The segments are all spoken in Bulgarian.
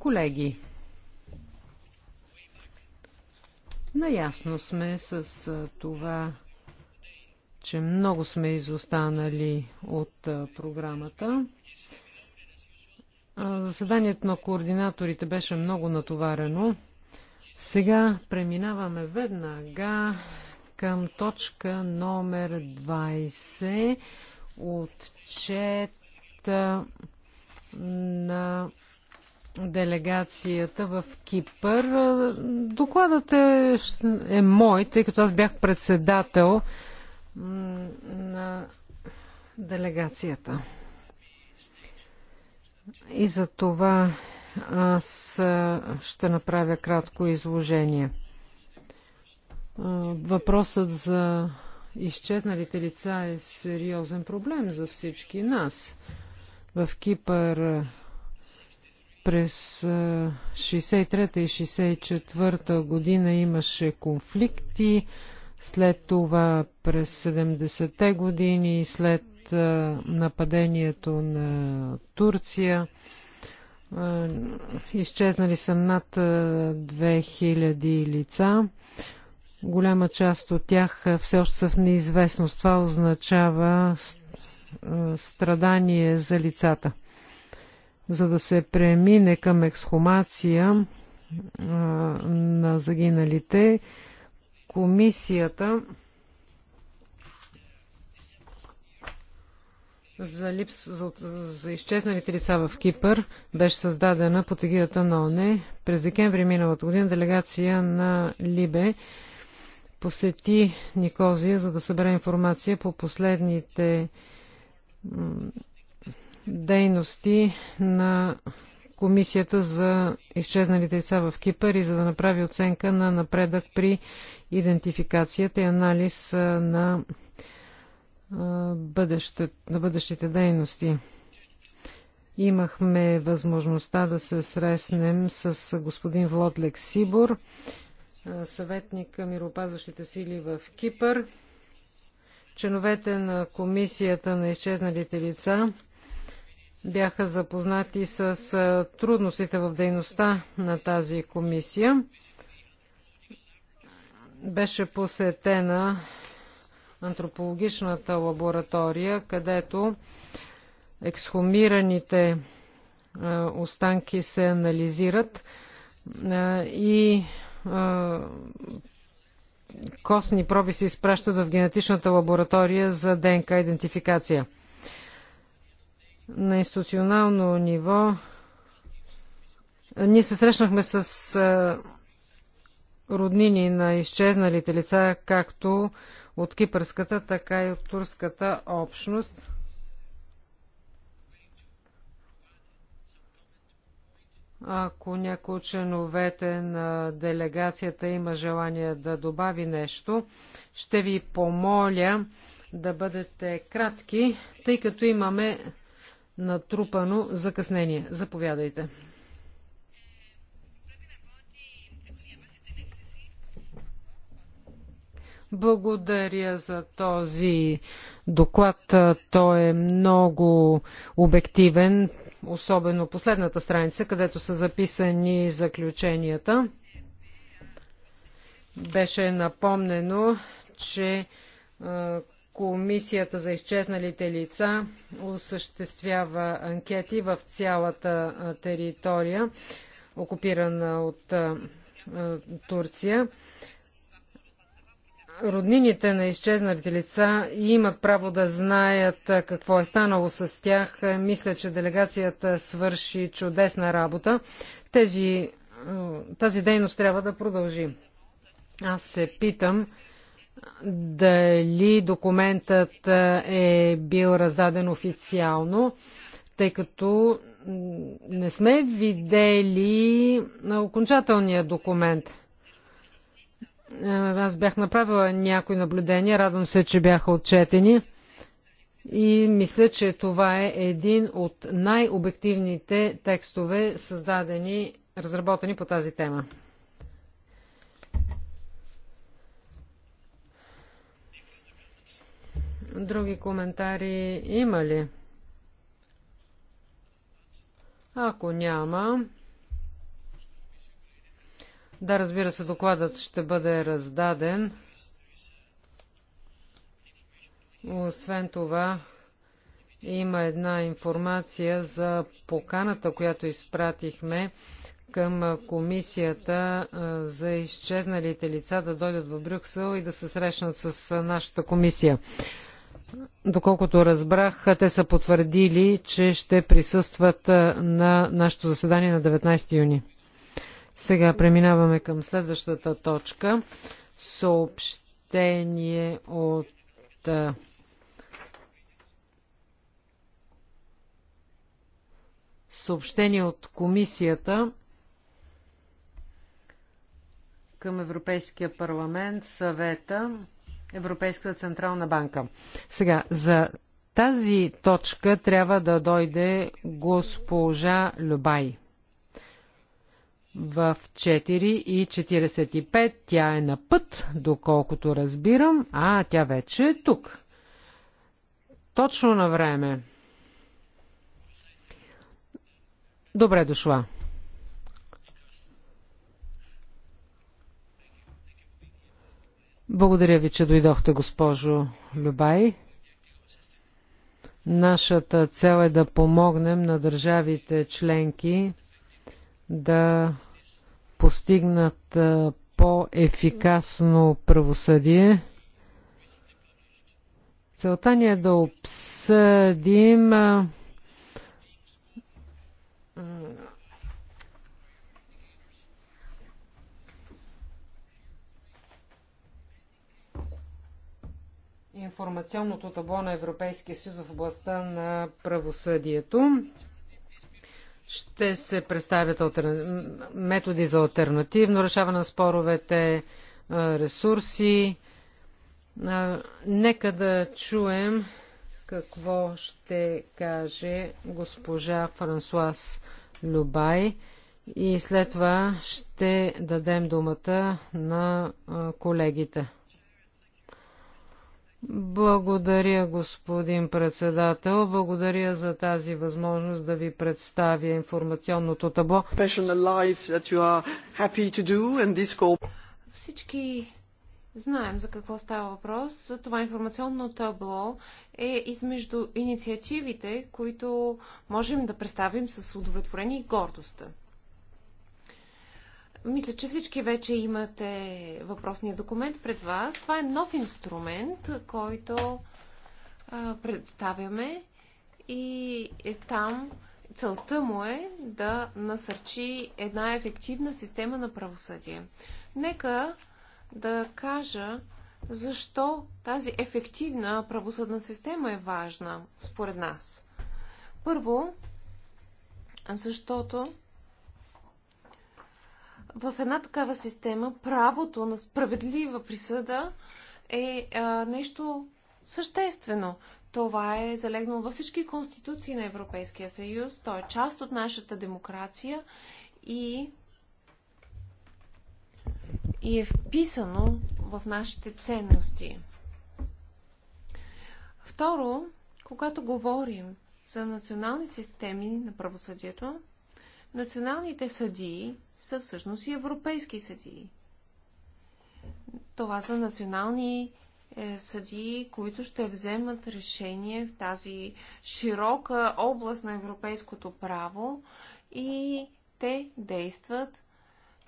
Колеги, наясно сме с това, че много сме изостанали от програмата. Заседанието на координаторите беше много натоварено. Сега преминаваме веднага към точка номер 20 отчет на делегацията в Кипър. Докладът е, е мой, тъй като аз бях председател на делегацията. И за това аз ще направя кратко изложение. Въпросът за изчезналите лица е сериозен проблем за всички нас в Кипър през 63 и 64 година имаше конфликти, след това през 70-те години, след нападението на Турция, изчезнали са над 2000 лица. Голяма част от тях все още са в неизвестност. Това означава е, страдание за лицата. За да се премине към ексхумация е, на загиналите, комисията за, липс, за, за изчезналите лица в Кипър беше създадена под егидата на ОНЕ. През декември миналата година делегация на Либе посети Никозия, за да събере информация по последните дейности на Комисията за изчезналите деца в Кипър и за да направи оценка на напредък при идентификацията и анализ на, бъдеще, на бъдещите дейности. Имахме възможността да се среснем с господин Влодлек Сибор, съветник към миропазващите сили в Кипър. Членовете на комисията на изчезналите лица бяха запознати с трудностите в дейността на тази комисия. Беше посетена антропологичната лаборатория, където ексхумираните останки се анализират и костни проби се изпращат в генетичната лаборатория за ДНК идентификация. На институционално ниво ние се срещнахме с роднини на изчезналите лица, както от кипърската, така и от турската общност. Ако някой от членовете на делегацията има желание да добави нещо, ще ви помоля да бъдете кратки, тъй като имаме натрупано закъснение. Заповядайте. Благодаря за този доклад. Той е много обективен особено последната страница, където са записани заключенията. Беше напомнено, че Комисията за изчезналите лица осъществява анкети в цялата територия, окупирана от Турция роднините на изчезналите лица имат право да знаят какво е станало с тях. Е, мисля, че делегацията свърши чудесна работа. Тези, тази дейност трябва да продължи. Аз се питам дали документът е бил раздаден официално, тъй като не сме видели окончателния документ. Е, аз бях направила някои наблюдения, радвам се, че бяха отчетени. И мисля, че това е един от най-обективните текстове, създадени, разработени по тази тема. Други коментари има ли? Ако няма, да, разбира се, докладът ще бъде раздаден. Освен това, има една информация за поканата, която изпратихме към комисията за изчезналите лица да дойдат в Брюксел и да се срещнат с нашата комисия. Доколкото разбрах, те са потвърдили, че ще присъстват на нашето заседание на 19 юни. Сега преминаваме към следващата точка. Съобщение от съобщение от комисията към Европейския парламент, съвета, Европейската централна банка. Сега, за тази точка трябва да дойде госпожа Любай в 4 и 45 тя е на път, доколкото разбирам. А, тя вече е тук. Точно на време. Добре дошла. Благодаря ви, че дойдохте, госпожо Любай. Нашата цел е да помогнем на държавите членки да постигнат по-ефикасно правосъдие. Целта ни е да обсъдим информационното табло на Европейския съюз в областта на правосъдието. Ще се представят методи за альтернативно решаване на споровете, ресурси. Нека да чуем какво ще каже госпожа Франсуас Любай и след това ще дадем думата на колегите. Благодаря, господин председател. Благодаря за тази възможност да ви представя информационното табло. Всички знаем за какво става въпрос. Това информационно табло е измежду инициативите, които можем да представим с удовлетворение и гордост. Мисля, че всички вече имате въпросния документ пред вас. Това е нов инструмент, който а, представяме и е там целта му е да насърчи една ефективна система на правосъдие. Нека да кажа защо тази ефективна правосъдна система е важна, според нас. Първо, защото в една такава система правото на справедлива присъда е а, нещо съществено. Това е залегнало във всички конституции на Европейския съюз. То е част от нашата демокрация и, и е вписано в нашите ценности. Второ, когато говорим за национални системи на правосъдието, националните съдии са всъщност и европейски съдии. Това са национални е, съдии, които ще вземат решение в тази широка област на европейското право и те действат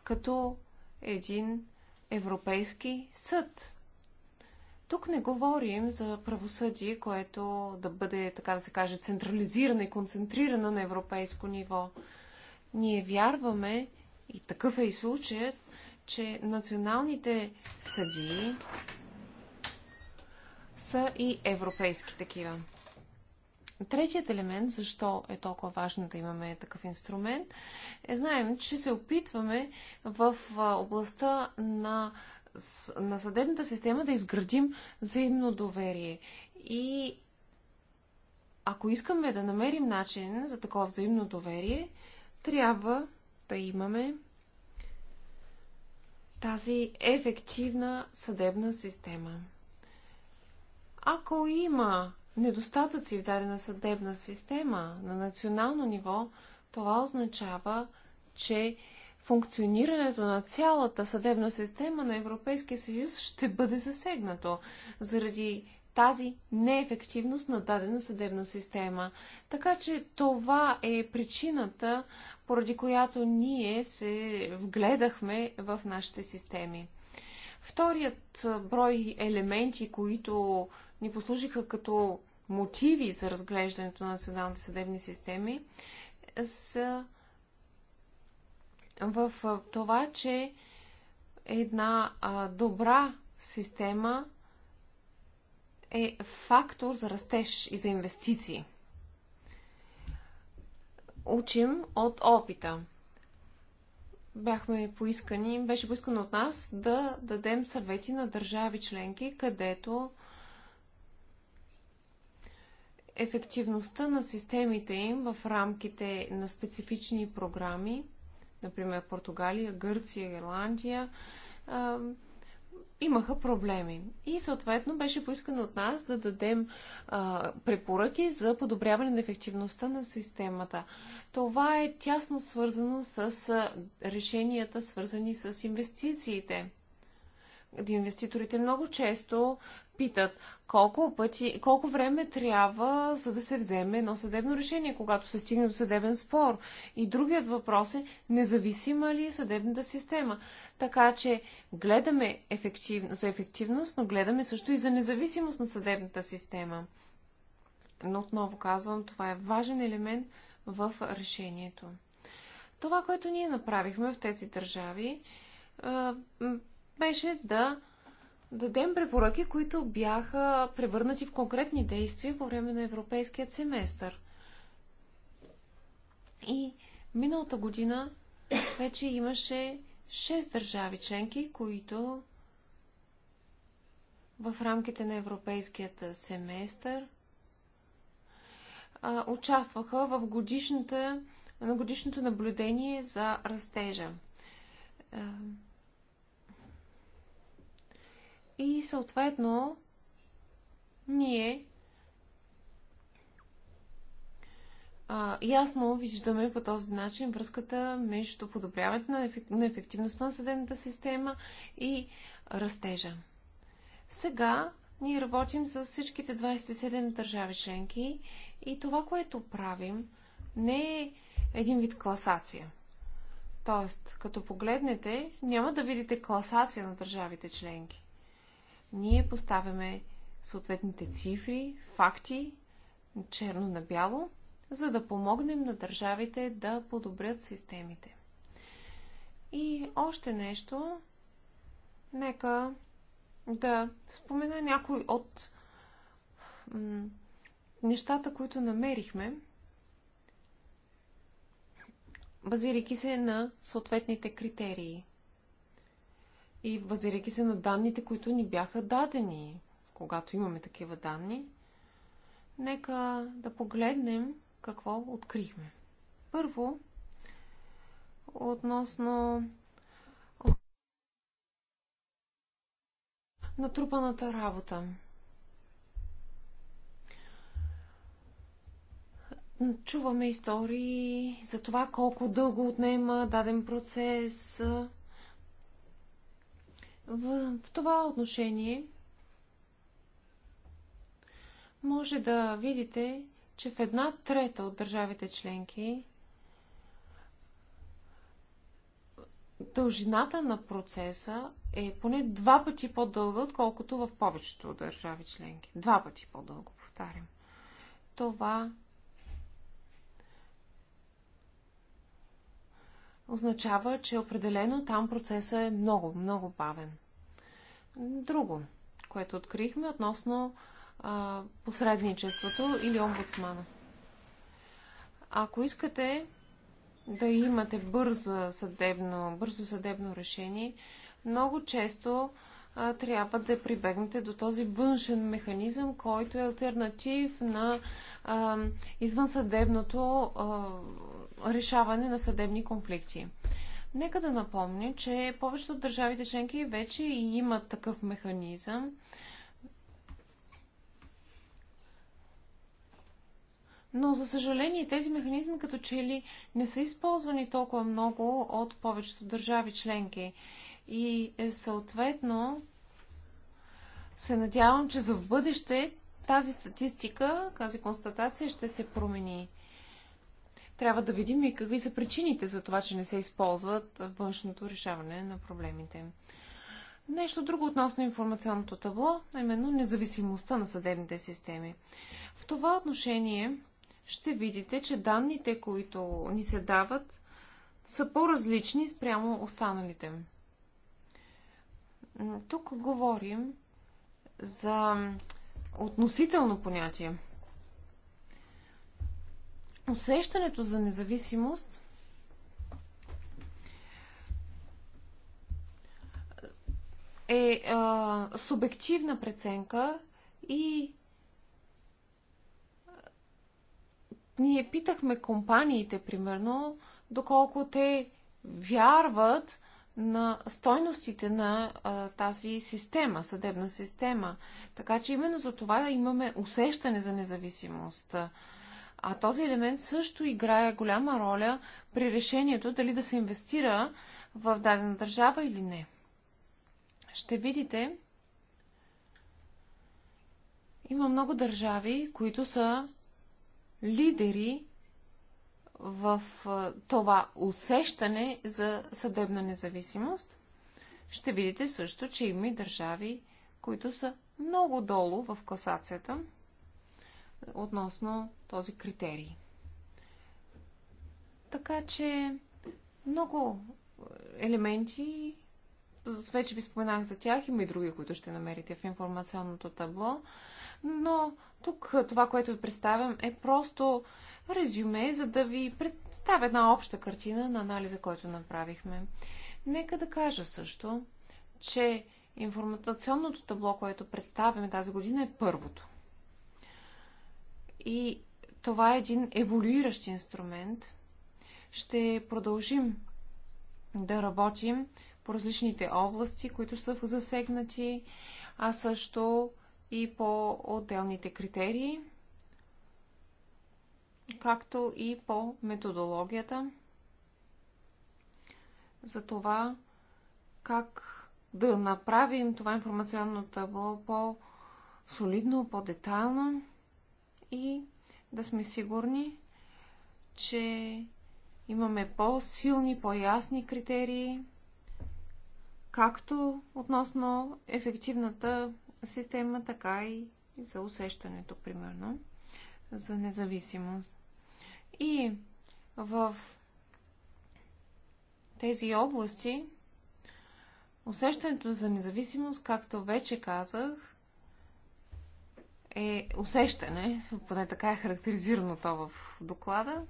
като един европейски съд. Тук не говорим за правосъдие, което да бъде, така да се каже, централизирано и концентрирано на европейско ниво. Ние вярваме, и такъв е и случаят, че националните съдии са и европейски такива. Третият елемент, защо е толкова важно да имаме такъв инструмент, е знаем, че се опитваме в областта на, на съдебната система да изградим взаимно доверие. И ако искаме да намерим начин за такова взаимно доверие, трябва да имаме тази ефективна съдебна система. Ако има недостатъци в дадена съдебна система на национално ниво, това означава, че функционирането на цялата съдебна система на Европейския съюз ще бъде засегнато заради тази неефективност на дадена съдебна система. Така че това е причината, поради която ние се вгледахме в нашите системи. Вторият брой елементи, които ни послужиха като мотиви за разглеждането на националните съдебни системи, са в това, че една добра система – е фактор за растеж и за инвестиции. Учим от опита. Бяхме поискани, беше поискано от нас да дадем съвети на държави членки, където ефективността на системите им в рамките на специфични програми, например Португалия, Гърция, Ирландия, имаха проблеми. И съответно беше поискано от нас да дадем а, препоръки за подобряване на ефективността на системата. Това е тясно свързано с решенията, свързани с инвестициите. Инвеститорите много често питат колко, пъти, колко време трябва за да се вземе едно съдебно решение, когато се стигне до съдебен спор. И другият въпрос е независима ли е съдебната система. Така че гледаме ефектив, за ефективност, но гледаме също и за независимост на съдебната система. Но отново казвам, това е важен елемент в решението. Това, което ние направихме в тези държави, беше да дадем препоръки, които бяха превърнати в конкретни действия по време на европейският семестър. И миналата година вече имаше 6 държави членки, които в рамките на европейският семестър а, участваха в годишната, на годишното наблюдение за растежа. И съответно, ние а, ясно виждаме по този начин връзката между подобряването на, еф... на ефективността на съдебната система и растежа. Сега ние работим с всичките 27 държави членки и това, което правим, не е един вид класация. Тоест, като погледнете, няма да видите класация на държавите членки. Ние поставяме съответните цифри, факти, черно на бяло, за да помогнем на държавите да подобрят системите. И още нещо, нека да спомена някой от нещата, които намерихме, базирайки се на съответните критерии и базирайки се на данните, които ни бяха дадени, когато имаме такива данни, нека да погледнем какво открихме. Първо, относно натрупаната работа. Чуваме истории за това колко дълго отнема даден процес, в, в това отношение може да видите, че в една трета от държавите членки дължината на процеса е поне два пъти по-дълга, отколкото в повечето държави членки. Два пъти по-дълго, повтарям. Това означава, че определено там процесът е много, много бавен. Друго, което открихме относно а, посредничеството или омбудсмана. Ако искате да имате бързо съдебно, бързо съдебно решение, много често а, трябва да прибегнете до този външен механизъм, който е альтернатив на а, извънсъдебното а, решаване на съдебни конфликти. Нека да напомня, че повечето от държавите членки вече имат такъв механизъм. Но, за съжаление, тези механизми като че ли не са използвани толкова много от повечето държави членки. И е, съответно се надявам, че за в бъдеще тази статистика, тази констатация ще се промени. Трябва да видим и какви са причините за това, че не се използват външното решаване на проблемите. Нещо друго относно информационното табло, а именно независимостта на съдебните системи. В това отношение ще видите, че данните, които ни се дават, са по-различни спрямо останалите. Тук говорим за относително понятие – усещането за независимост е а, субективна преценка и ние питахме компаниите, примерно, доколко те вярват на стойностите на а, тази система, съдебна система. Така че именно за това имаме усещане за независимост. А този елемент също играе голяма роля при решението дали да се инвестира в дадена държава или не. Ще видите, има много държави, които са лидери в това усещане за съдебна независимост. Ще видите също, че има и държави, които са много долу в класацията – относно този критерий. Така че много елементи, вече ви споменах за тях, има и други, които ще намерите в информационното табло, но тук това, което ви представям е просто резюме, за да ви представя една обща картина на анализа, който направихме. Нека да кажа също, че информационното табло, което представяме тази година е първото. И това е един еволюиращ инструмент. Ще продължим да работим по различните области, които са засегнати, а също и по отделните критерии, както и по методологията за това как да направим това информационно табло по-солидно, по-детайлно и да сме сигурни, че имаме по-силни, по-ясни критерии, както относно ефективната система, така и за усещането, примерно, за независимост. И в тези области усещането за независимост, както вече казах, е усещане, поне така е характеризирано то в доклада,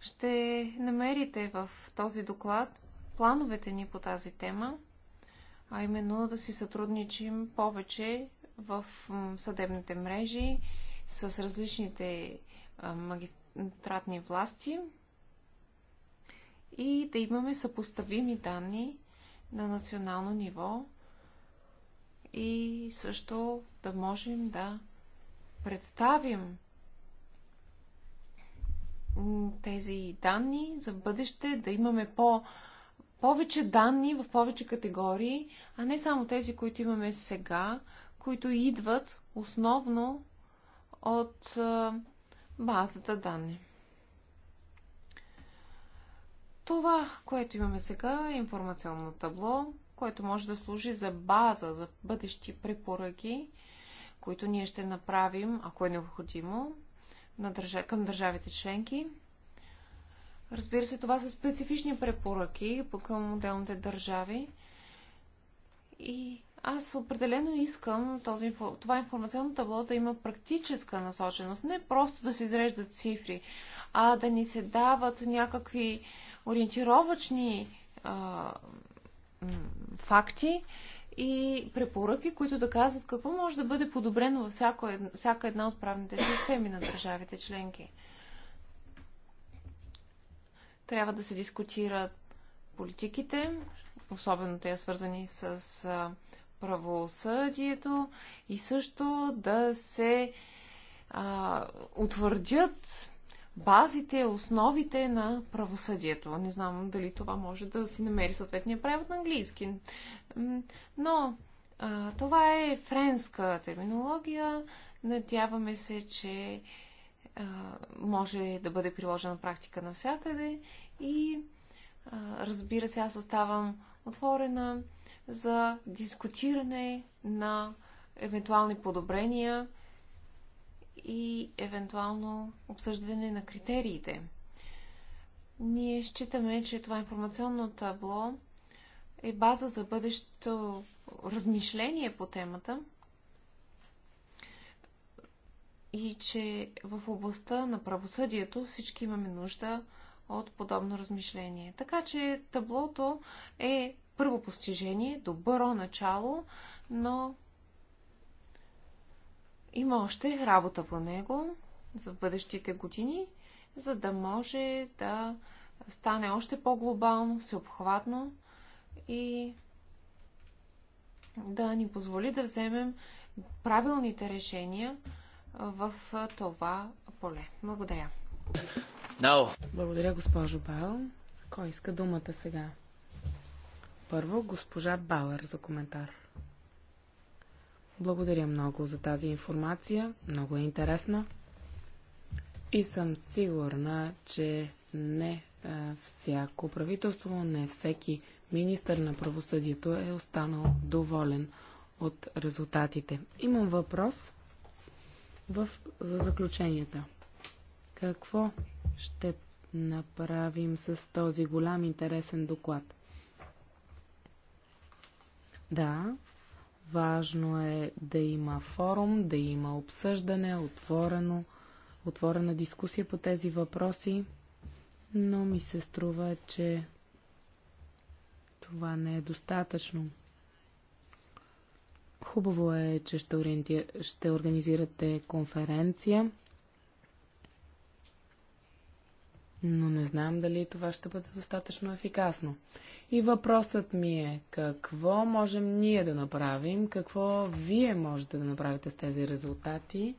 ще намерите в този доклад плановете ни по тази тема, а именно да си сътрудничим повече в съдебните мрежи с различните магистратни власти и да имаме съпоставими данни на национално ниво, и също да можем да представим тези данни за бъдеще, да имаме по- повече данни в повече категории, а не само тези, които имаме сега, които идват основно от базата данни. Това, което имаме сега е информационно табло което може да служи за база за бъдещи препоръки, които ние ще направим, ако е необходимо, на държа... към държавите членки. Разбира се, това са специфични препоръки към отделните държави. И аз определено искам този, това информационно табло да има практическа насоченост. Не просто да се изреждат цифри, а да ни се дават някакви ориентировачни а, факти и препоръки, които да казват какво може да бъде подобрено във всяко, всяка една от правните системи на държавите членки. Трябва да се дискутират политиките, особено те свързани с правосъдието и също да се а, утвърдят базите, основите на правосъдието. Не знам дали това може да си намери съответния превод на английски. Но а, това е френска терминология. Надяваме се, че а, може да бъде приложена практика навсякъде и а, разбира се, аз оставам отворена за дискутиране на евентуални подобрения и евентуално обсъждане на критериите. Ние считаме, че това информационно табло е база за бъдещето размишление по темата и че в областта на правосъдието всички имаме нужда от подобно размишление. Така че таблото е първо постижение, добро начало, но има още работа по него за бъдещите години, за да може да стане още по-глобално, всеобхватно и да ни позволи да вземем правилните решения в това поле. Благодаря. No. Благодаря, госпожо Бал. Кой иска думата сега? Първо, госпожа Бауер за коментар. Благодаря много за тази информация. Много е интересна. И съм сигурна, че не е, всяко правителство, не всеки министър на правосъдието е останал доволен от резултатите. Имам въпрос в, за заключенията. Какво ще направим с този голям интересен доклад? Да, Важно е да има форум, да има обсъждане, отворено, отворена дискусия по тези въпроси, но ми се струва, че това не е достатъчно. Хубаво е, че ще, ориенти... ще организирате конференция но не знам дали това ще бъде достатъчно ефикасно. И въпросът ми е, какво можем ние да направим, какво вие можете да направите с тези резултати?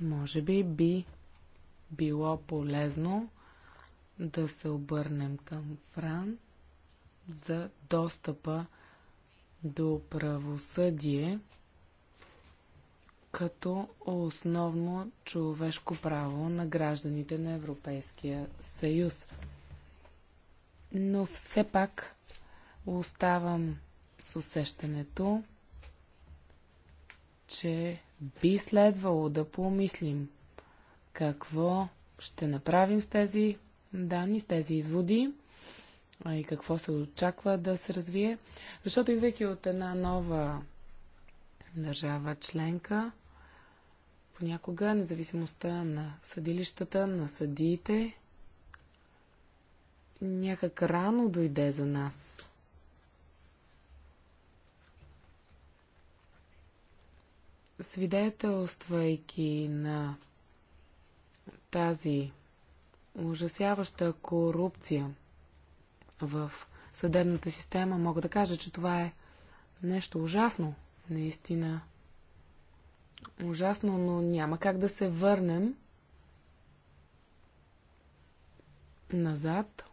Може би би било полезно да се обърнем към Фран за достъпа до правосъдие като основно човешко право на гражданите на Европейския съюз. Но все пак оставам с усещането, че би следвало да помислим какво ще направим с тези данни, с тези изводи и какво се очаква да се развие. Защото идвайки от една нова държава членка. Понякога независимостта на съдилищата, на съдиите някак рано дойде за нас. Свидетелствайки на тази ужасяваща корупция в съдебната система, мога да кажа, че това е нещо ужасно, Наистина. Ужасно, но няма как да се върнем назад.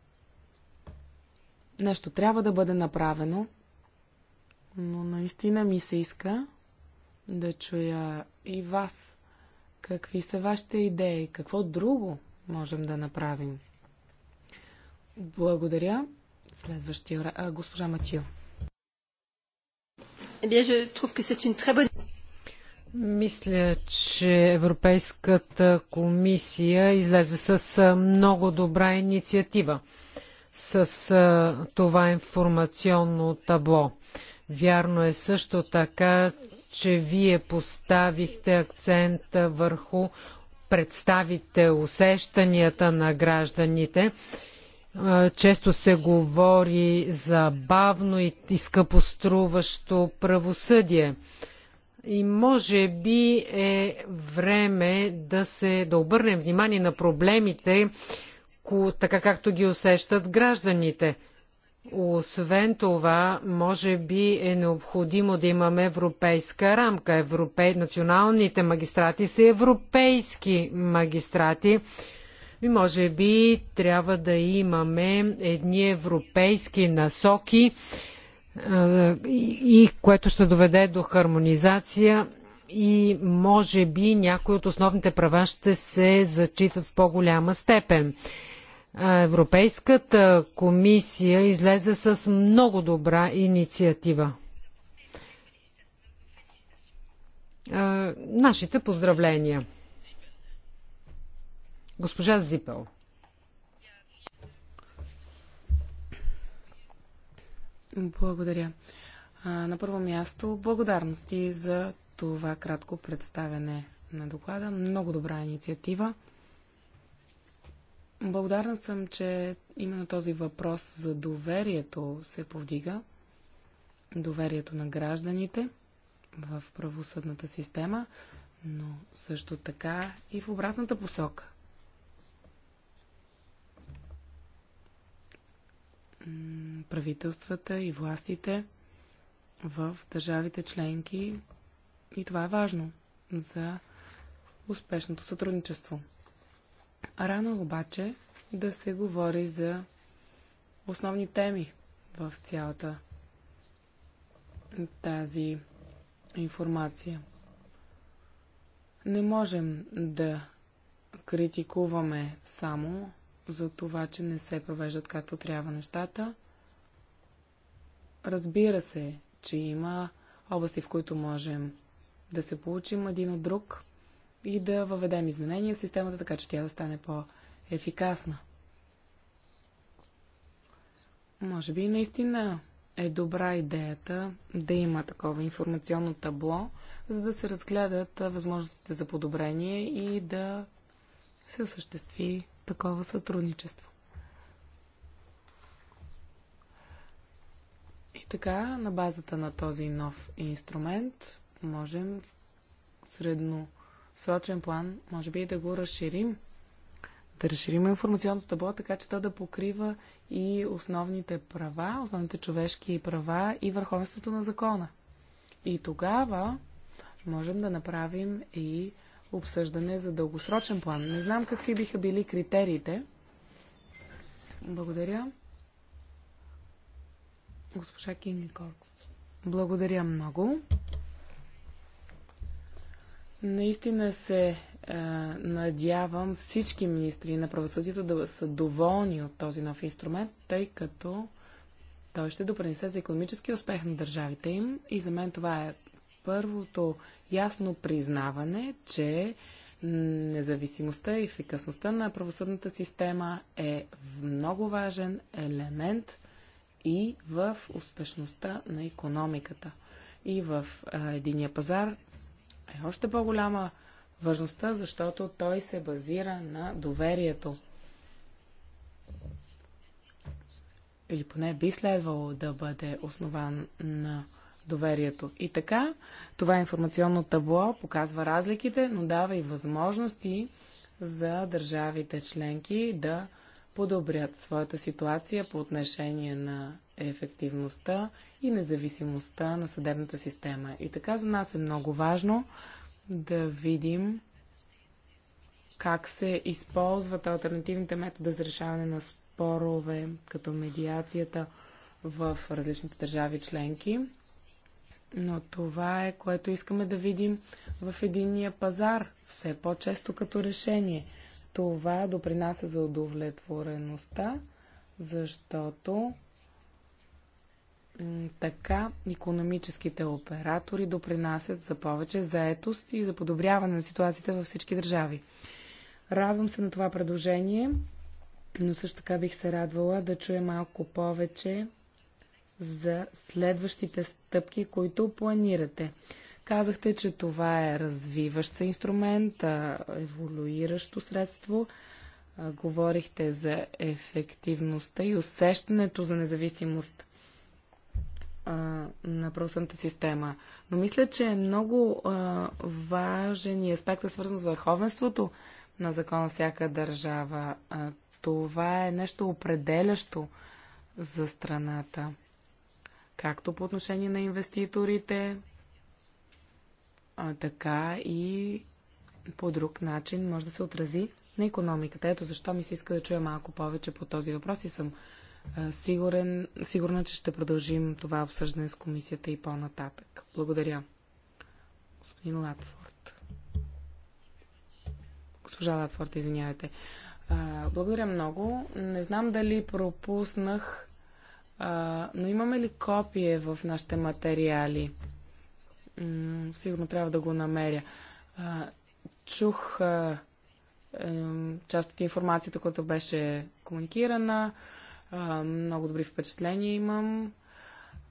Нещо трябва да бъде направено, но наистина ми се иска да чуя и вас. Какви са вашите идеи? Какво друго можем да направим? Благодаря. Следващия госпожа Матио. Eh bien, je trouve que c'est une très bonne... Мисля, че Европейската комисия излезе с много добра инициатива с това информационно табло. Вярно е също така, че вие поставихте акцента върху представите усещанията на гражданите често се говори за бавно и, и скъпоструващо правосъдие. И може би е време да се да обърнем внимание на проблемите, ко, така както ги усещат гражданите. Освен това, може би е необходимо да имаме европейска рамка. Европей... Националните магистрати са европейски магистрати и може би трябва да имаме едни европейски насоки, и което ще доведе до хармонизация и може би някои от основните права ще се зачитат в по-голяма степен. Европейската комисия излезе с много добра инициатива. Нашите поздравления! Госпожа Зипел. Благодаря. На първо място, благодарности за това кратко представяне на доклада. Много добра инициатива. Благодарна съм, че именно този въпрос за доверието се повдига. Доверието на гражданите в правосъдната система, но също така и в обратната посока. правителствата и властите в държавите членки и това е важно за успешното сътрудничество. Рано обаче да се говори за основни теми в цялата тази информация. Не можем да критикуваме само за това, че не се провеждат както трябва нещата. Разбира се, че има области, в които можем да се получим един от друг и да въведем изменения в системата, така че тя да стане по-ефикасна. Може би наистина е добра идеята да има такова информационно табло, за да се разгледат възможностите за подобрение и да се осъществи такова сътрудничество. И така, на базата на този нов инструмент, можем в средносрочен план, може би и да го разширим, да разширим информационното табло, така че то да покрива и основните права, основните човешки права и върховенството на закона. И тогава можем да направим и обсъждане за дългосрочен план. Не знам какви биха били критериите. Благодаря. Госпожа Кинги Коркс. Благодаря много. Наистина се е, надявам всички министри на правосъдието да са доволни от този нов инструмент, тъй като той ще допринесе за економически успех на държавите им и за мен това е първото ясно признаване, че независимостта и ефикасността на правосъдната система е много важен елемент и в успешността на економиката. И в единия пазар е още по-голяма важността, защото той се базира на доверието. Или поне би следвало да бъде основан на доверието. И така, това информационно табло показва разликите, но дава и възможности за държавите членки да подобрят своята ситуация по отношение на ефективността и независимостта на съдебната система. И така за нас е много важно да видим как се използват альтернативните методи за решаване на спорове, като медиацията в различните държави членки. Но това е, което искаме да видим в единния пазар, все по-често като решение. Това допринася за удовлетвореността, защото така економическите оператори допринасят за повече заетост и за подобряване на ситуацията във всички държави. Радвам се на това предложение, но също така бих се радвала да чуя малко повече за следващите стъпки, които планирате. Казахте, че това е развиващ се инструмент, еволюиращо средство. Говорихте за ефективността и усещането за независимост на правосъдната система. Но мисля, че е много важен и аспектът е свързан с върховенството на закона всяка държава. това е нещо определящо за страната както по отношение на инвеститорите, а, така и по друг начин може да се отрази на економиката. Ето защо ми се иска да чуя малко повече по този въпрос и съм а, сигурен, сигурна, че ще продължим това обсъждане с комисията и по-нататък. Благодаря. Господин Латфорд. Госпожа Латфорд, извинявайте. А, благодаря много. Не знам дали пропуснах а, но имаме ли копие в нашите материали? М- сигурно трябва да го намеря. А, чух а, е, част от информацията, която беше комуникирана. А, много добри впечатления имам.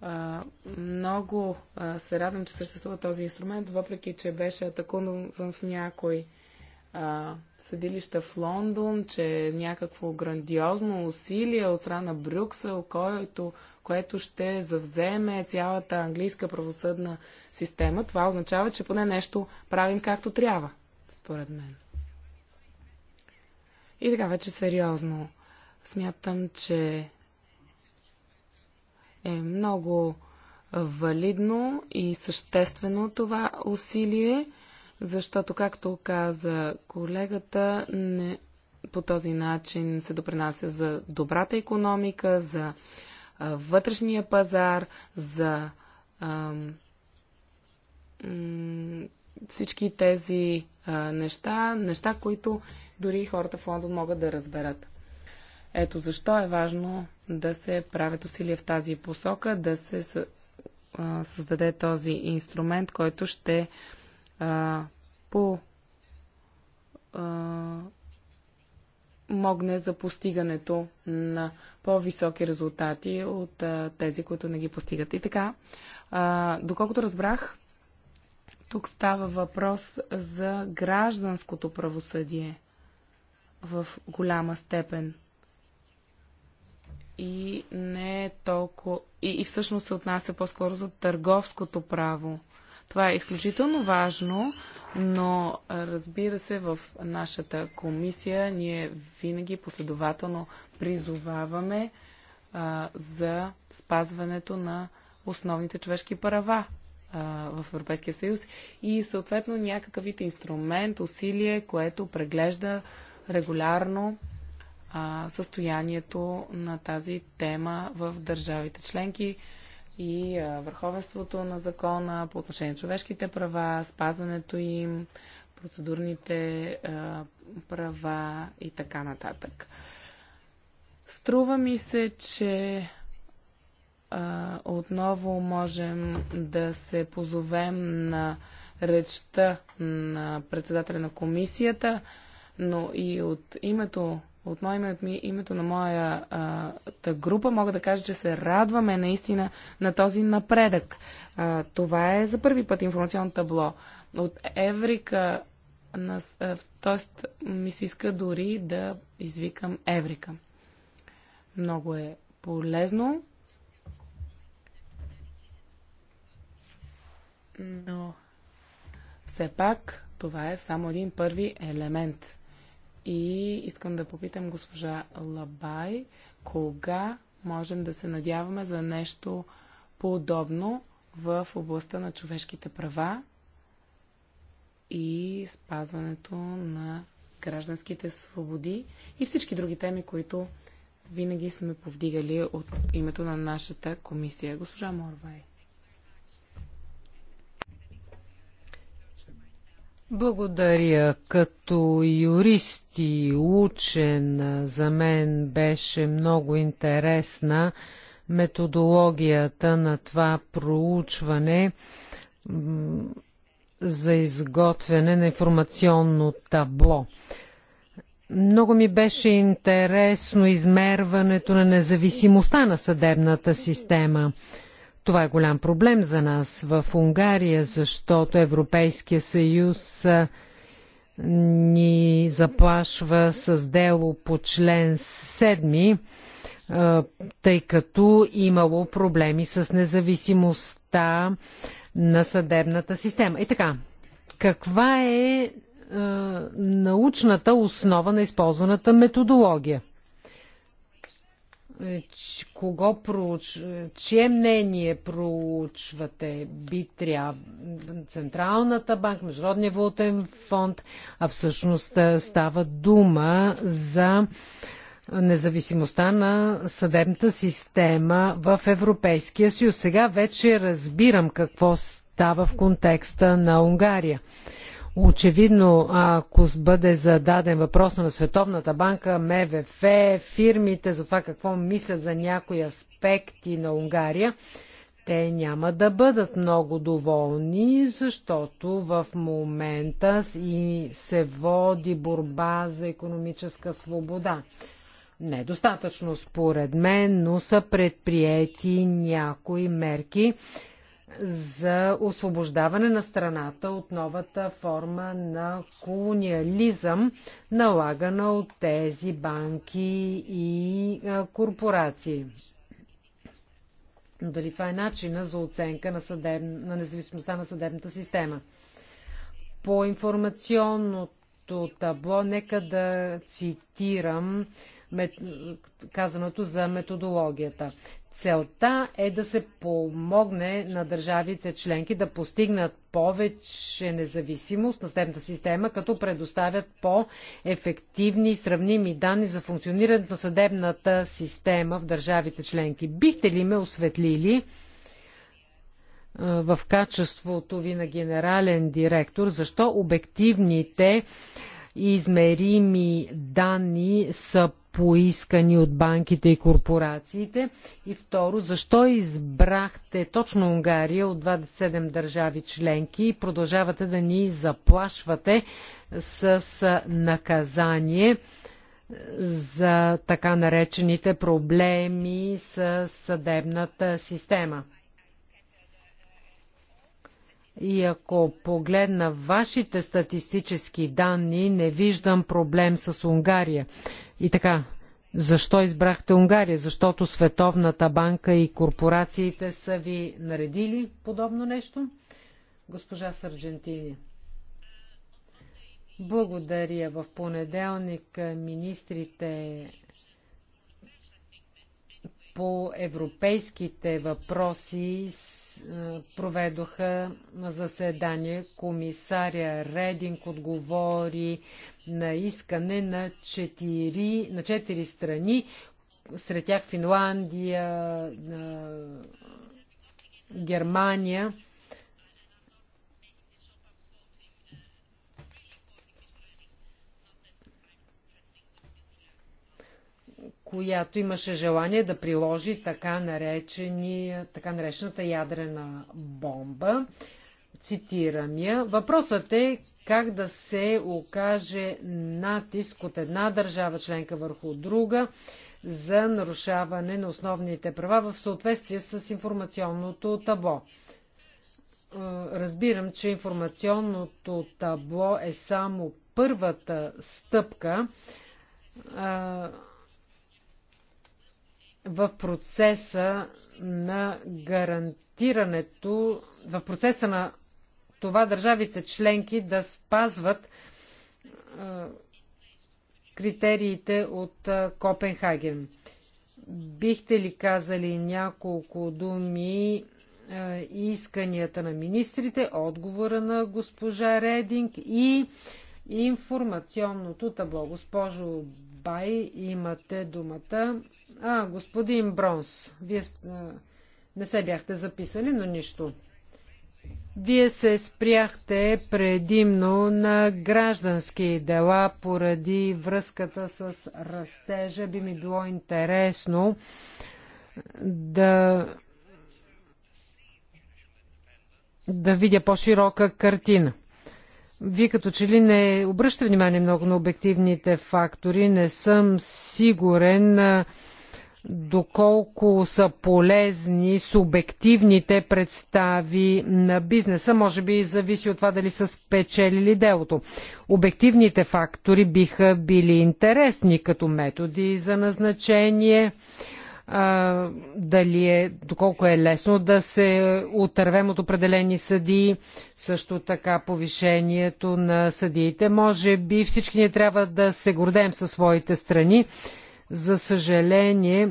А, много а, се радвам, че съществува този инструмент, въпреки че беше атакуван в някой а, съдилища в Лондон, че е някакво грандиозно усилие от страна Брюксел, което, което ще завземе цялата английска правосъдна система. Това означава, че поне нещо правим както трябва, според мен. И така вече сериозно. Смятам, че е много валидно и съществено това усилие защото, както каза колегата, не, по този начин се допринася за добрата економика, за а, вътрешния пазар, за а, всички тези а, неща, неща, които дори хората в Лондон могат да разберат. Ето защо е важно да се правят усилия в тази посока, да се създаде този инструмент, който ще а, а, по а, могне за постигането на по-високи резултати от а, тези, които не ги постигат. И така, а, доколкото разбрах, тук става въпрос за гражданското правосъдие в голяма степен. И не е толкова. И, и всъщност се отнася по-скоро за търговското право. Това е изключително важно, но разбира се, в нашата комисия ние винаги последователно призоваваме а, за спазването на основните човешки права в Европейския съюз и съответно някакъв вид инструмент, усилие, което преглежда регулярно а, състоянието на тази тема в държавите членки и върховенството на закона по отношение на човешките права, спазването им, процедурните права и така нататък. Струва ми се, че отново можем да се позовем на речта на председателя на комисията, но и от името от мое име, от ми, името на моята група, мога да кажа, че се радваме наистина на този напредък. А, това е за първи път информационно табло. От Еврика, т.е. ми се иска дори да извикам Еврика. Много е полезно. Но все пак това е само един първи елемент и искам да попитам госпожа Лабай, кога можем да се надяваме за нещо подобно в областта на човешките права и спазването на гражданските свободи и всички други теми, които винаги сме повдигали от името на нашата комисия. Госпожа Морвай. Благодаря. Като юрист и учен за мен беше много интересна методологията на това проучване за изготвяне на информационно табло. Много ми беше интересно измерването на независимостта на съдебната система. Това е голям проблем за нас в Унгария, защото Европейския съюз ни заплашва с дело по член 7 тъй като имало проблеми с независимостта на съдебната система. И така, каква е, е научната основа на използваната методология? Е, кого проуч... чие мнение проучвате? Би трябва Централната банка, Международния валутен фонд, а всъщност е, става дума за независимостта на съдебната система в Европейския съюз. Сега вече разбирам какво става в контекста на Унгария. Очевидно, ако бъде зададен въпрос на Световната банка, МВФ, фирмите за това какво мислят за някои аспекти на Унгария, те няма да бъдат много доволни, защото в момента и се води борба за економическа свобода. Недостатъчно според мен, но са предприети някои мерки за освобождаване на страната от новата форма на колониализъм, налагана от тези банки и корпорации. Но дали това е начина за оценка на, съдеб... на независимостта на съдебната система? По информационното табло, нека да цитирам казаното за методологията. Целта е да се помогне на държавите членки да постигнат повече независимост на съдебната система, като предоставят по-ефективни и сравними данни за функционирането на съдебната система в държавите членки. Бихте ли ме осветлили в качеството ви на генерален директор, защо обективните измерими данни са поискани от банките и корпорациите? И второ, защо избрахте точно Унгария от 27 държави членки и продължавате да ни заплашвате с наказание за така наречените проблеми с съдебната система? И ако погледна вашите статистически данни, не виждам проблем с Унгария. И така, защо избрахте Унгария? Защото Световната банка и корпорациите са ви наредили подобно нещо? Госпожа Сарджентини. Благодаря. В понеделник министрите по европейските въпроси е, проведоха заседание. Комисаря Рединг отговори на искане на четири, на четири страни, сред тях Финландия, Германия която имаше желание да приложи така, наречени, така наречената ядрена бомба. Цитирам я. Въпросът е как да се окаже натиск от една държава членка върху друга за нарушаване на основните права в съответствие с информационното табло. Е, разбирам, че информационното табло е само първата стъпка, в процеса на гарантирането, в процеса на това държавите членки да спазват критериите от Копенхаген. Бихте ли казали няколко думи исканията на министрите, отговора на госпожа Рединг и информационното табло. Госпожо Бай, имате думата. А, господин Бронс, вие не се бяхте записали, но нищо. Вие се спряхте предимно на граждански дела поради връзката с растежа. Би ми било интересно да, да видя по-широка картина. Вие като че ли не обръщате внимание много на обективните фактори, не съм сигурен доколко са полезни субективните представи на бизнеса. Може би зависи от това дали са спечелили делото. Обективните фактори биха били интересни като методи за назначение. А, дали е, доколко е лесно да се отървем от определени съдии, също така повишението на съдиите. Може би всички ние трябва да се гордеем със своите страни за съжаление,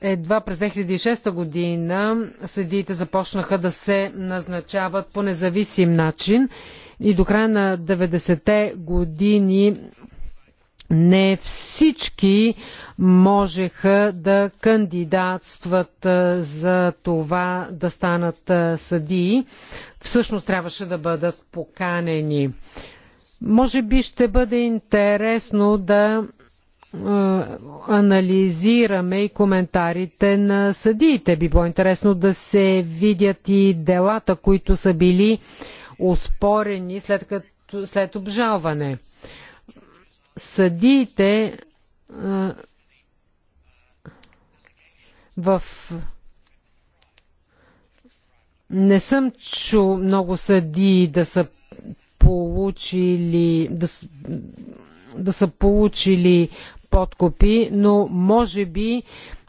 едва през 2006 година съдиите започнаха да се назначават по независим начин и до края на 90-те години не всички можеха да кандидатстват за това да станат съдии. Всъщност трябваше да бъдат поканени. Може би ще бъде интересно да е, анализираме и коментарите на съдиите. Би било интересно да се видят и делата, които са били успорени след, като, след обжалване. Съдиите е, в не съм чул много съдии да са получили да, да са получили подкупи, но може би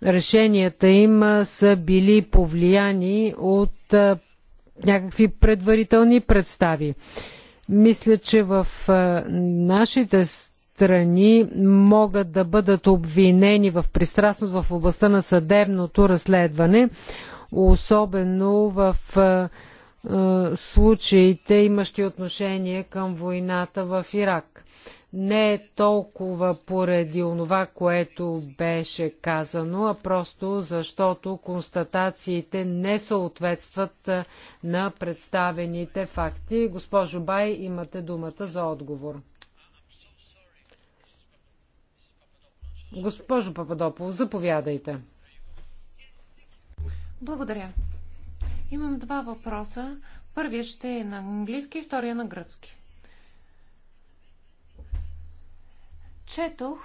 решенията им са били повлияни от някакви предварителни представи. Мисля, че в нашите страни могат да бъдат обвинени в пристрастност в областта на съдебното разследване, особено в е, случаите, имащи отношение към войната в Ирак. Не е толкова поради онова, което беше казано, а просто защото констатациите не съответстват е, на представените факти. Госпожо Бай, имате думата за отговор. Госпожо Пападопол, заповядайте. Благодаря. Имам два въпроса. Първият ще е на английски, втория на гръцки. Четох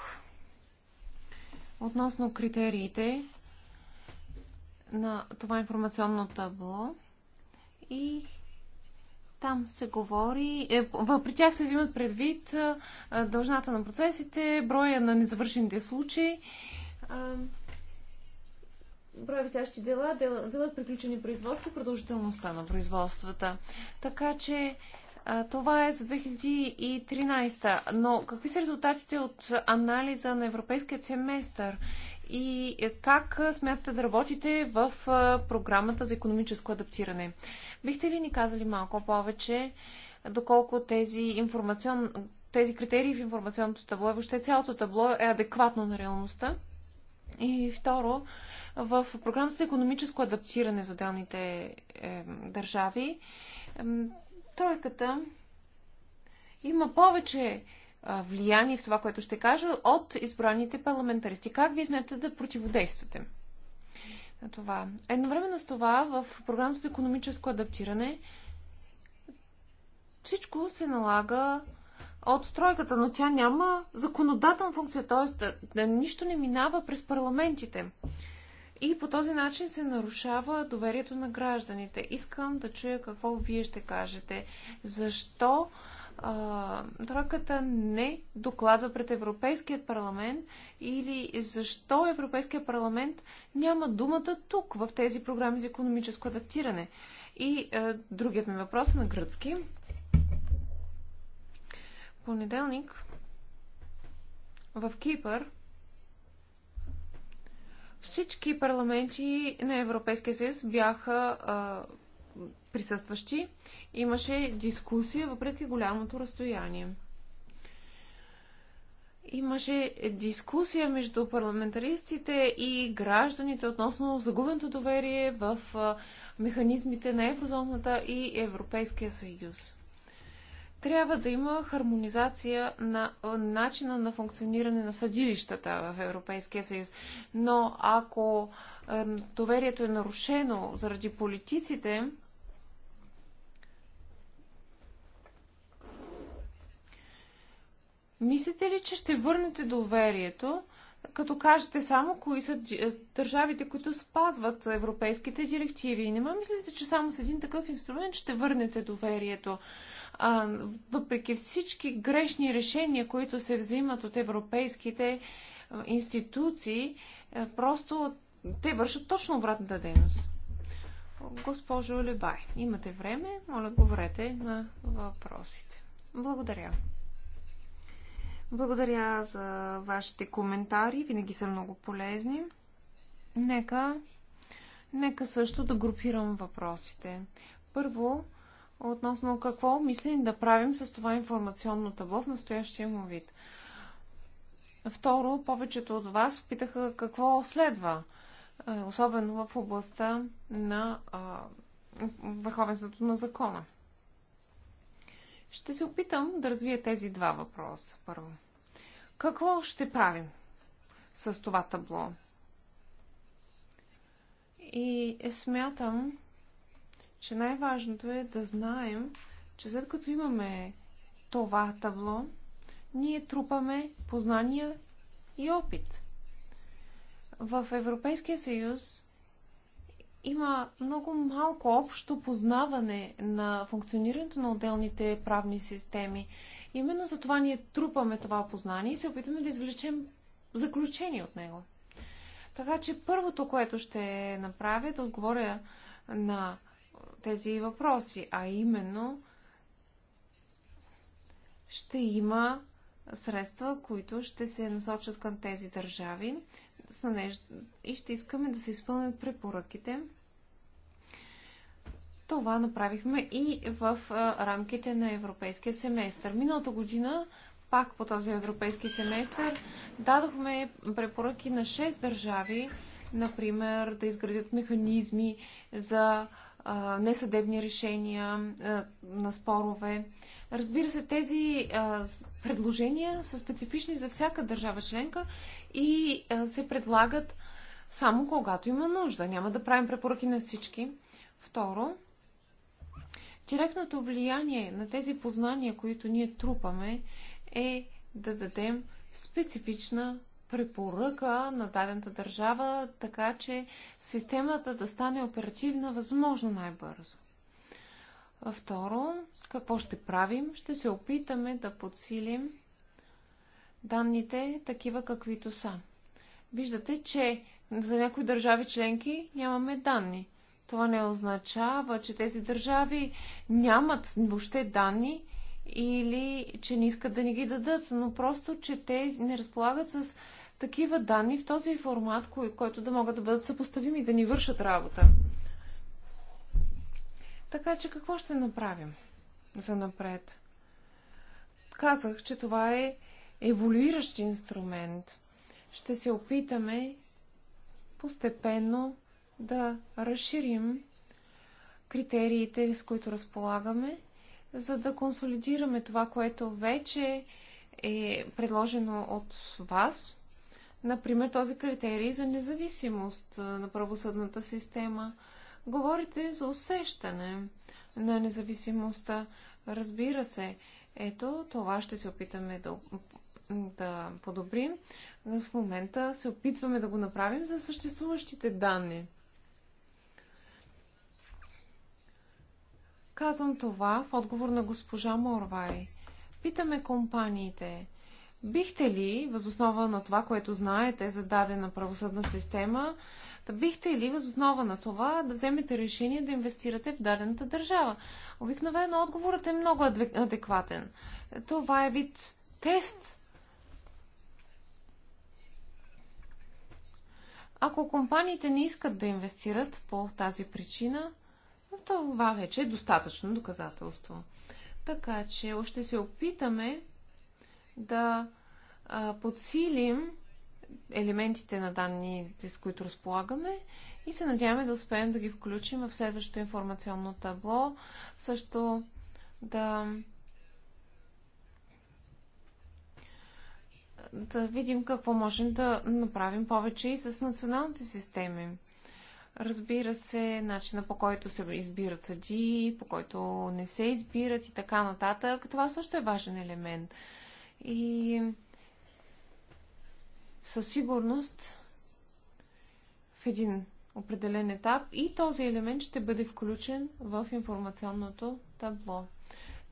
относно критериите на това информационно табло и там се говори, е, при тях се взимат предвид е, дължината на процесите, броя на незавършените случаи. Е, прави сящи дела, делат приключени производства, продължителността на производствата. Така че това е за 2013. Но какви са резултатите от анализа на европейският семестър? И е, как смятате да работите в програмата за економическо адаптиране? Бихте ли ни казали малко повече, доколко тези, информацион... тези критерии в информационното табло и въобще цялото табло е адекватно на реалността? И второ, в програмата за економическо адаптиране за отделните е, държави, е, тройката има повече е, влияние в това, което ще кажа, от избраните парламентаристи. Как ви знаете да противодействате на това? Едновременно с това, в програмата за економическо адаптиране всичко се налага от тройката, но тя няма законодателна функция, т.е. нищо не минава през парламентите. И по този начин се нарушава доверието на гражданите. Искам да чуя какво вие ще кажете. Защо а, тройката не докладва пред Европейският парламент или защо Европейският парламент няма думата тук в тези програми за економическо адаптиране? И а, другият ми въпрос е на гръцки. Понеделник в Кипър всички парламенти на Европейския съюз бяха а, присъстващи. Имаше дискусия, въпреки голямото разстояние. Имаше дискусия между парламентаристите и гражданите относно загубеното доверие в механизмите на еврозоната и Европейския съюз трябва да има хармонизация на начина на функциониране на съдилищата в Европейския съюз. Но ако доверието е нарушено заради политиците, мислите ли, че ще върнете доверието, като кажете само кои са държавите, които спазват европейските директиви? И не мислите, че само с един такъв инструмент ще върнете доверието а, въпреки всички грешни решения, които се взимат от европейските институции, просто те вършат точно обратната дейност. Госпожо Лебай, имате време, моля говорете на въпросите. Благодаря. Благодаря за вашите коментари, винаги са много полезни. Нека, нека също да групирам въпросите. Първо, относно какво мислим да правим с това информационно табло в настоящия му вид. Второ, повечето от вас питаха какво следва, е, особено в областта на а, върховенството на закона. Ще се опитам да развия тези два въпроса първо. Какво ще правим с това табло? И смятам, че най-важното е да знаем, че след като имаме това табло, ние трупаме познания и опит. В Европейския съюз има много малко общо познаване на функционирането на отделните правни системи. Именно за това ние трупаме това познание и се опитваме да извлечем заключение от него. Така че първото, което ще направя, е да отговоря на тези въпроси, а именно ще има средства, които ще се насочат към тези държави и ще искаме да се изпълнят препоръките. Това направихме и в рамките на европейския семестър. Миналата година, пак по този европейски семестър, дадохме препоръки на 6 държави, например, да изградят механизми за несъдебни решения на спорове. Разбира се, тези предложения са специфични за всяка държава членка и се предлагат само когато има нужда. Няма да правим препоръки на всички. Второ, директното влияние на тези познания, които ние трупаме, е да дадем специфична препоръка на дадената държава, така че системата да стане оперативна възможно най-бързо. Второ, какво ще правим? Ще се опитаме да подсилим данните такива каквито са. Виждате, че за някои държави членки нямаме данни. Това не означава, че тези държави нямат въобще данни или че не искат да ни ги дадат, но просто, че те не разполагат с такива данни в този формат, кои, който да могат да бъдат съпоставими и да ни вършат работа. Така че какво ще направим за напред? Казах, че това е еволюиращ инструмент. Ще се опитаме постепенно да разширим критериите, с които разполагаме, за да консолидираме това, което вече е предложено от вас Например, този критерий за независимост на правосъдната система. Говорите за усещане на независимостта. Разбира се, ето това ще се опитаме да, да подобрим. В момента се опитваме да го направим за съществуващите данни. Казвам това в отговор на госпожа Морвай. Питаме компаниите Бихте ли, възоснова на това, което знаете за дадена правосъдна система, да бихте ли, възоснова на това, да вземете решение да инвестирате в дадената държава? Обикновено отговорът е много адекватен. Това е вид тест. Ако компаниите не искат да инвестират по тази причина, това вече е достатъчно доказателство. Така че още се опитаме да подсилим елементите на данните, с които разполагаме и се надяваме да успеем да ги включим в следващото информационно табло. Също да да видим какво можем да направим повече и с националните системи. Разбира се, начина по който се избират съдии, по който не се избират и така нататък. Това също е важен елемент. И със сигурност в един определен етап и този елемент ще бъде включен в информационното табло.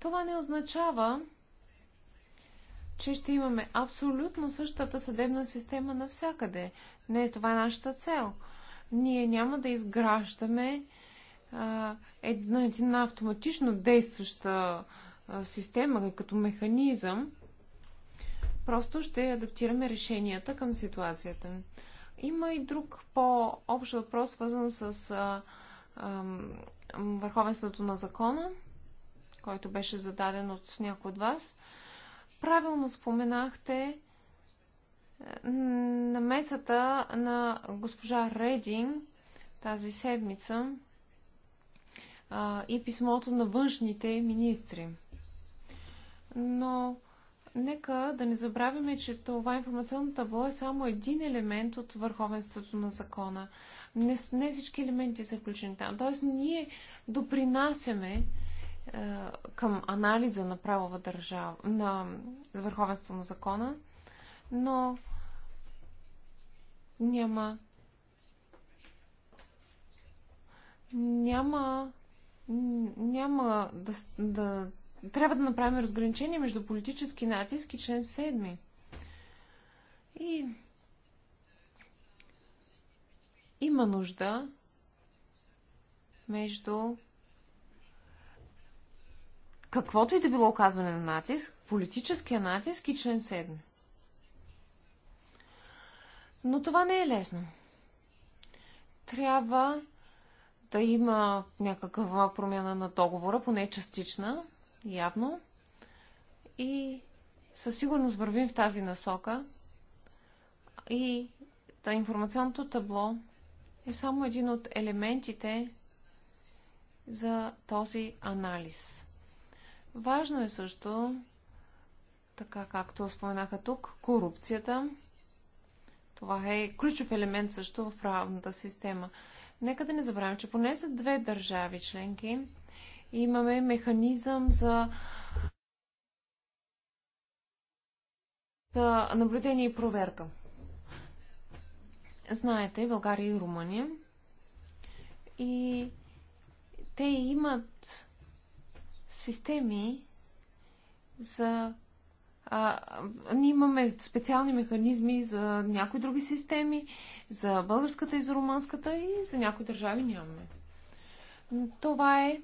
Това не означава, че ще имаме абсолютно същата съдебна система навсякъде. Не, е това е нашата цел. Ние няма да изграждаме една, една автоматично действаща система като механизъм, Просто ще адаптираме решенията към ситуацията. Има и друг по-общ въпрос, свързан с а, а, върховенството на закона, който беше зададен от някой от вас. Правилно споменахте е, намесата на госпожа Редин тази седмица а, и писмото на външните министри. Но нека да не забравяме, че това информационно табло е само един елемент от върховенството на закона. Не, не всички елементи са включени там. Тоест, ние допринасяме е, към анализа на правова държава, на върховенство на закона, но няма. Няма. Няма да, да трябва да направим разграничение между политически натиск и член 7. И има нужда между каквото и да било оказване на натиск, политическия натиск и член 7. Но това не е лесно. Трябва да има някаква промяна на договора, поне частична, явно. И със сигурност вървим в тази насока. И та информационното табло е само един от елементите за този анализ. Важно е също, така както споменаха тук, корупцията. Това е ключов елемент също в правната система. Нека да не забравим, че поне за две държави членки имаме механизъм за, за наблюдение и проверка. Знаете, България и Румъния. И те имат системи за. А, ние имаме специални механизми за някои други системи, за българската и за румънската и за някои държави нямаме. Това е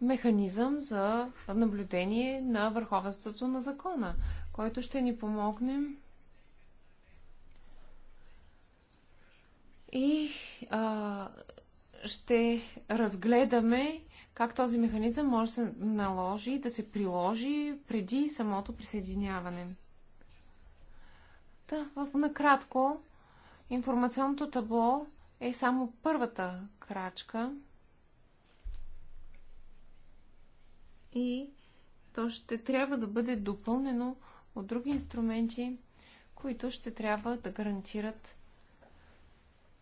механизъм за наблюдение на върховенството на закона, който ще ни помогне и а, ще разгледаме как този механизъм може да се наложи да се приложи преди самото присъединяване. Та, в накратко, информационното табло е само първата крачка – и то ще трябва да бъде допълнено от други инструменти, които ще трябва да гарантират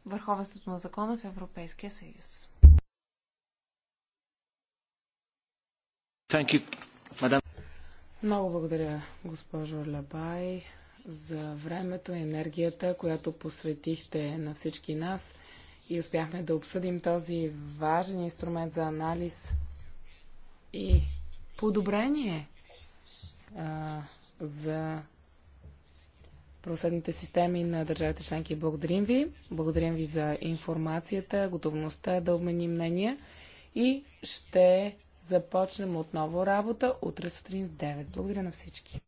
върховенството на закона в Европейския съюз. Много благодаря, госпожо Лабай, за времето и енергията, която посветихте на всички нас и успяхме да обсъдим този важен инструмент за анализ и подобрение а, за правосъдните системи на държавите членки. Благодарим ви. Благодарим ви за информацията, готовността да обменим мнения и ще започнем отново работа утре сутрин в 9. Благодаря на всички.